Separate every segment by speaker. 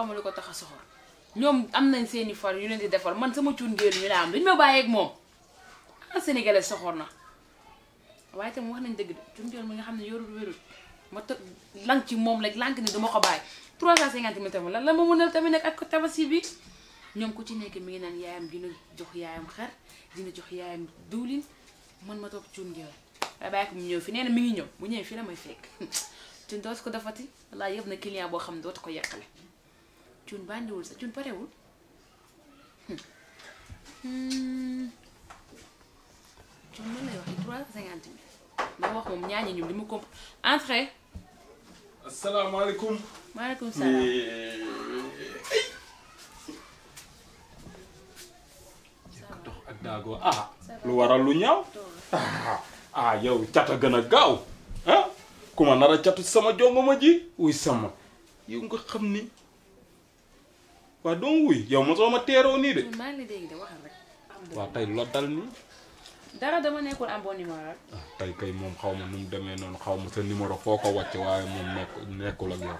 Speaker 1: xaw ma lu ko tax a soxor ñoom am nañ seeni far yu leen di defar man sama cuun ngéelu ñu laa ma bàyyeeg moom ah na waaye tamit wax nañ dëgg cuun ngéelu nga xam ne yorul wérul ma të ci moom rek lank ni duma ko bàyyi 350 mille lan la ma mënal tamit nag ak ko tabaski bi ñoom ku ci nekk mi ngi naan yaayam dina jox yaayam xar dina jox yaayam diwlin man ma toog cuun ngéelu waaye bàyyi ko mu ñëw fi nee na mi ngi ñëw bu ñëwee fii la may fekk te dootu ko defati walla yëpp na client boo xam ne dootu ko yàqale cun bàndiwul sa cun parewul hmm. cun lan lay waxee trois cinquante mille ma wax moom ñaañi ñu li mu comp entrée
Speaker 2: asalaamaaleykum
Speaker 1: maaleykum eh, eh, eh.
Speaker 2: Ah, waral lu ñaaw ah yow cata gën a gaaw ah ku ma nar a sama jongoma ji wuy sama yow nga xam ni waa doomu wuy yow ma soo ma teeroo nii de.
Speaker 1: maa ngi dégg de waxal
Speaker 2: waaw tey lu la dal nii.
Speaker 1: dara dama nekkul am ah,
Speaker 2: kay moom xaw ma nu mu demee noonu xaw ma sa numéro foo ko wàcc waaye moom nekk nekkul ak yow.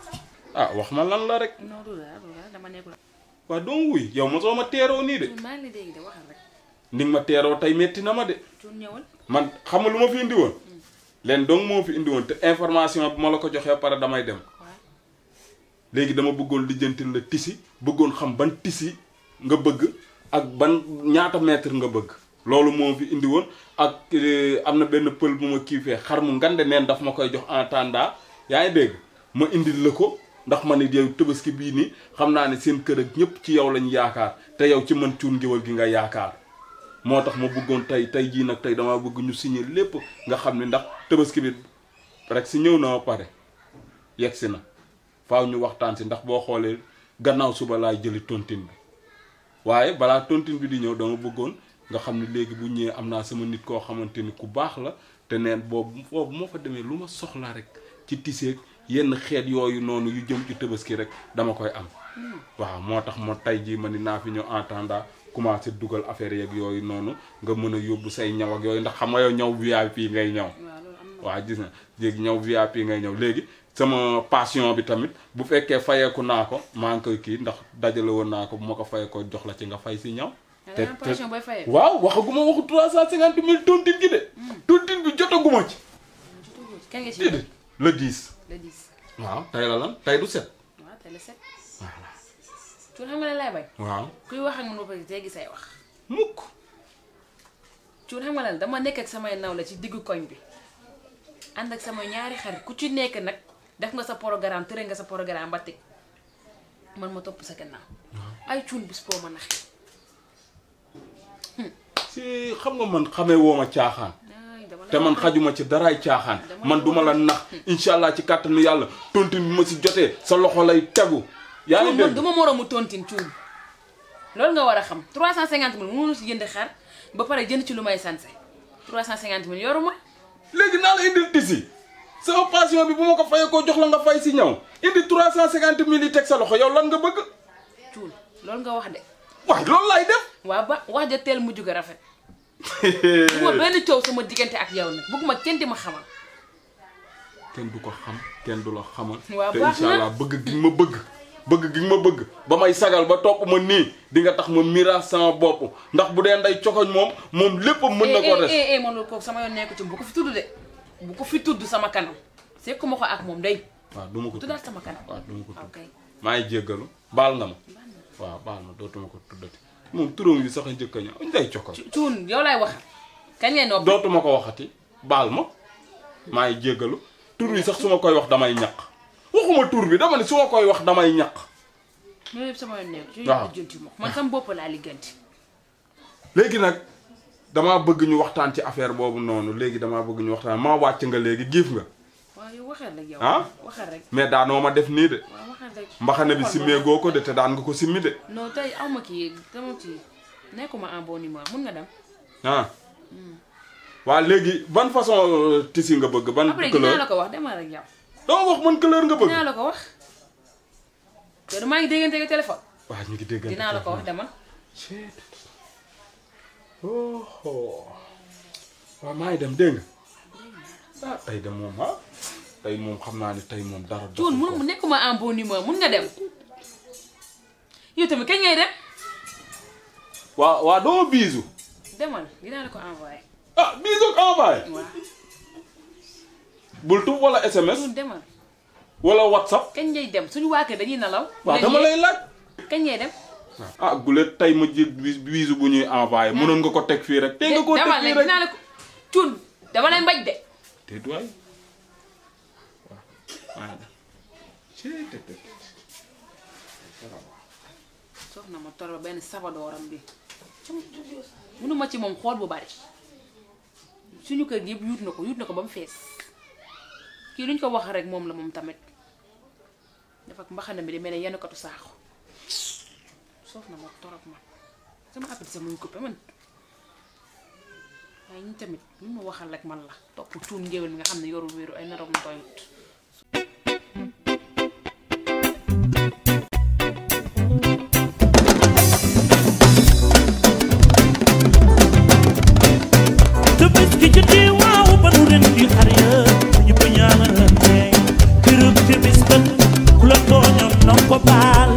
Speaker 2: ah wax ma lan la rek. non du dara du yow ma soo ma teeroo nii de.
Speaker 1: maa ngi dégg de waxal
Speaker 2: ni nga ma teeroo tey metti na ma de. tuut ñëwal. man xam nga lu ma fi indi woon. Hmm. leen dong moo fi indi woon te information bi ma la ko joxee pare damay dem. léegi dama bëggoon lijjantil la tissu bëggoon xam ban tissu nga bëgg ak ban ñaata mètre nga bëgg loolu moo fi indi woon ak euh, am na benn pël bu ma kiifee xar mu ngande neen daf ma koy jox en tanda yaa ngi dégg ma indil la ko ndax ma ne yow tabaski bii nii xam naa ne seen kër ak ñëpp ci yow lañu yaakaar te yow ci man cuun géwal gi nga yaakaar moo tax ma bëggoon tey tey jii nag tey dama bëgg ñu signer lépp nga xam ne ndax tabaski bi rek si ñëw na ma pare yegg si na faaw ñu waxtaan si ndax boo xoolee gannaaw suba laay jëli tontine bi waaye balaa tontine bi di ñëw dama bëggoon nga xam ne léegi bu ñëwee am naa sama nit koo xamante ni ku baax la te neen boobu boobu moo fa demee lu ma soxlaa rek ci tiseeg yenn xeet yooyu noonu yu jëm ci tabaski rek dama koy am waaw moo tax ma tey jii ma ni naa fi ñëw entendant commencé dugal affaire yeeg yooyu noonu nga mën a yóbbu say ñaw ak yooyu ndax xam nga yow ñaw VIP ngay ñaw waaw gis na ñaw ñëw VIP ngay ñëw léegi sama passion bi tamit bu fekkee fayeeku naa ko maa ngi koy kii ndax dajale woon naa ko bu ma ko fayekoo jox la ci nga fay si ñëw
Speaker 1: te waaw
Speaker 2: waxaguma waxu trois cent cinquante mille tontine gi de hmm. tontine bi jotaguma ci
Speaker 1: déedéet
Speaker 2: le la lan tey wax ak
Speaker 1: man ba tey gis say wax. mukk. cuur xam nga dama nekk ak samay naw la ci diggu koñ bi ànd ak sama ñaari xarit ku ci nekk nag def nga sa programme tëre nga sa programme ba man ma topp sa ay cuun bis boo ma
Speaker 2: hmm. si xam nga man xamee woo ma caaxaan te man xajuma ci daraay caaxaan man duma la nax incha allah ci kàttanu yàlla tontin bi ma si jotee sa loxo lay tegu yaa ngi dégg duma
Speaker 1: moroomu tontin cuun loolu nga war a xam 350 mille mënu si jënd xar ba pare jënd ci lu may sanse 350 yoruma léegi naa la indil tisi sama passion bi bu ma
Speaker 2: ko fayee koo jox la nga fay si ñaw indi trois cent cinquante mille yi teg sa loxo yow lan nga bëgg.
Speaker 1: Cuul lool nga wax de. waaw loolu laay def. waa ba wax ja teel mujj ga rafet.
Speaker 2: bu ma benn
Speaker 1: coow sama diggante ak yow nag ma kenn di ma xamal.
Speaker 2: kenn du ko xam kenn du la xamal. waaw baax na te incha allah bëgg gi ma bëgg. bëgg gi ma bëgg ba may sagal ba topp ma nii di nga tax ma mira sama bopp ndax bu dee nday coxoñ moom moom lépp mën na ko des eh, eh, eh,
Speaker 1: man sama yoon nekk bu ko fi tudd de bu ko fi tudd sama kanam c'est ma ko ak moom day
Speaker 2: waaw du ma ko tuddaat
Speaker 1: sama kanam waaw du ko tudd
Speaker 2: maa ngi jéggalu baal nga ma waaw baal ma dootuma ko tuddati moom turam yi sax a njëkk a ñëw nday coxoñ
Speaker 1: cuun yow lay wax kañ lay
Speaker 2: noppi dootuma ko waxati baal ma maa ngi jéggalu tur yi sax su ma koy wax damay ñaq waxuma tuur bi dama ne su ma koy wax damay ñaq.
Speaker 1: sama yoon nekk. waaw man sama bopp
Speaker 2: léegi nag damaa bëgg ñu waxtaan ci affaire boobu noonu léegi damaa bëgg ñu waxtaan maa wàcc nga léegi giif nga.
Speaker 1: waaw yow ah?
Speaker 2: mais daanoo ma def nii de.
Speaker 1: mbaxane bi simmee
Speaker 2: goo ko de te daan nga ko simmi de.
Speaker 1: non tey aw ma kii dama ci ah. hmm.
Speaker 2: léegi ban façon tissu nga bëgg ban. këloo après la ko
Speaker 1: wax demal rek yow.
Speaker 2: dama wax man couleur nga bëgg.
Speaker 1: dinaa la ko wax. yow maa ngi déggante ak téléphone.
Speaker 2: waaw ñu ngi déggante dinaa la ko wax maa ngi dem dégg nga ah tey de moom ah. tey moom xam naa ni tey moom dara.
Speaker 1: doon mun mu nekkuma en bon humeur mun nga dem yow tamit kañ ngay dem.
Speaker 2: waaw waaw biisu.
Speaker 1: demal dinaa la ko envoyé.
Speaker 2: ah biisu bul tub walla SMS. demal wala WhatsApp.
Speaker 1: kañ ngay dem suñu waa kër dañuy nalaw. waaw dama lay laaj. kañ ngay dem.
Speaker 2: ah, ah gulet tey ma ji bu ñuy envoyé. Ah. munoon nga ko teg fii rek.
Speaker 1: tey nga koo teg fii rek dama la cun dama lay mbaj de.
Speaker 2: déet waay waaw
Speaker 1: soxna ma torba benn sabadooram bi mënuma ci moom xool bu bari suñu kër gi yëpp yuut na ko yuut na ko ba mu fees. kii lu ñu ko wax rek moom la moom tamit defak mbaxana mi de mel ne yenn katu saako soof na ma torop man sama appétit sax muy coupé man waaye ñu tamit ñu ma waxal rek man la topp tuun ngéwél mi nga xam ne yoru wéeru ay naroom doyut não coparam